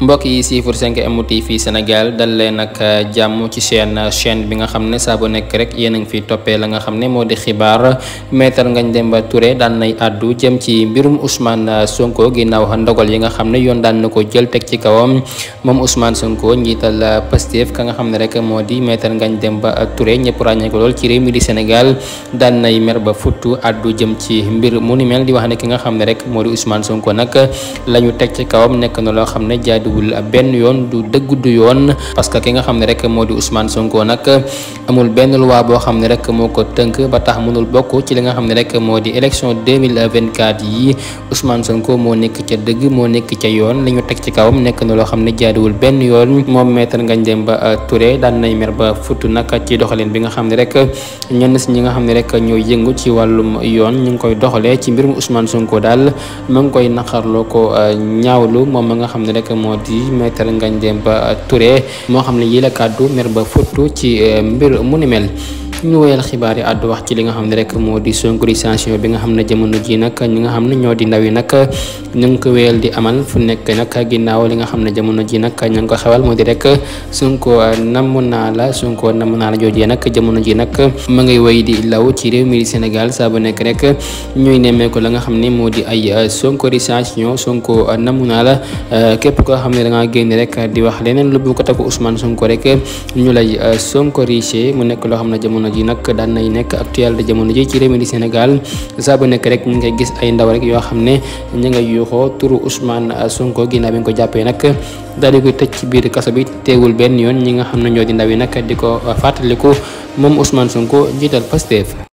mbokk yi siifur 5M TV Sénégal dal leen nag euh, jàmm ci seen euh, chaîne bi nga xam ne saa nekk rek yéen a ngi fi toppee la nga xam ne moo di xibaar ngañ dem ba Touré daan nay àddu jëm ci mbirum Ousmane euh, Sonko ginnaaw ndogal yi nga xam ne yoon daan na ko jël teg ci kawam moom Ousmane Sonko njiital Pastef ka nga xam ne moo di Maître Ngagne Demba Touré ñëpp ràññee ko lool ci réew mi di Sénégal daan nay mer ba futtu àddu jëm ci mbir mu ni mel di wax ne ki nga xam ne rek moo di Ousmane Sonko nag la ñu teg ci kawam nekk na loo xam ne jaadu dugul benn yoon du dëgg du yoon que ki nga xam ne rek moo di Ousmane Sonko nag amul benn loi boo xam ne rek moo ko tënk ba tax mënul bokk ci li nga xam ne rek moo di élection 2024 yi Ousmane Sonko moo nekk ca dëgg moo nekk ca yoon li ñu teg ci kawam nekk na loo xam ne jaaduwul benn yoon moom maître Ngagne Demba euh, Touré daan nay mer ba futt nag ci doxalin bi nga xam ne rek ñenn si ñi nga xam ne rek ñoo yëngu ci wàllu yoon ñu ngi koy doxalee ci mbirum Ousmane Sonko daal ma ngi koy naqarloo ko euh, ñaawlu moom ma nga xam ne rek moo di maître Ngagne Demba Touré moo xam ne yii la kàddu mer ba fottu ci euh, mbir mu ni mel ñu woyal xibaar yi àddu wax ci li nga xam ne rek moo di sonorisation bi nga xam ne jamono ji nag ñi nga xam ne ñoo di ndaw yi nag ñu di amal fu nekk nag ginnaaw li nga xam ne jamono ji nag ñu ngi ko moo di rek Sonko namm naa la Sonko namm naa la joojee nag jamono ji nag ma ngay woy di law ci réew mi Sénégal saa bu nekk rek ñuy nemmeeku la nga xam ne moo di ay sonorisation Sonko namm naa la képp koo xam ne da génn rek di wax leneen lu ko takku Ousmane Sonko rek ñu jamono ji nag daan nay nekk actualité jamono ji ci réew mi di Sénégal saa bu nekk rek ñu ngay gis ay ndaw rek yoo xam ne ñu ngay yuuxoo turu Ousmane Sonko ginnaaw bi nga ko jàppee nag daal di koy tëj ci biir kaso bi teewul benn yoon ñi nga xam ne ñoo di ndaw yi nag di ko fàttaliku moom usmaan Ousmane Sonko njiital Pastef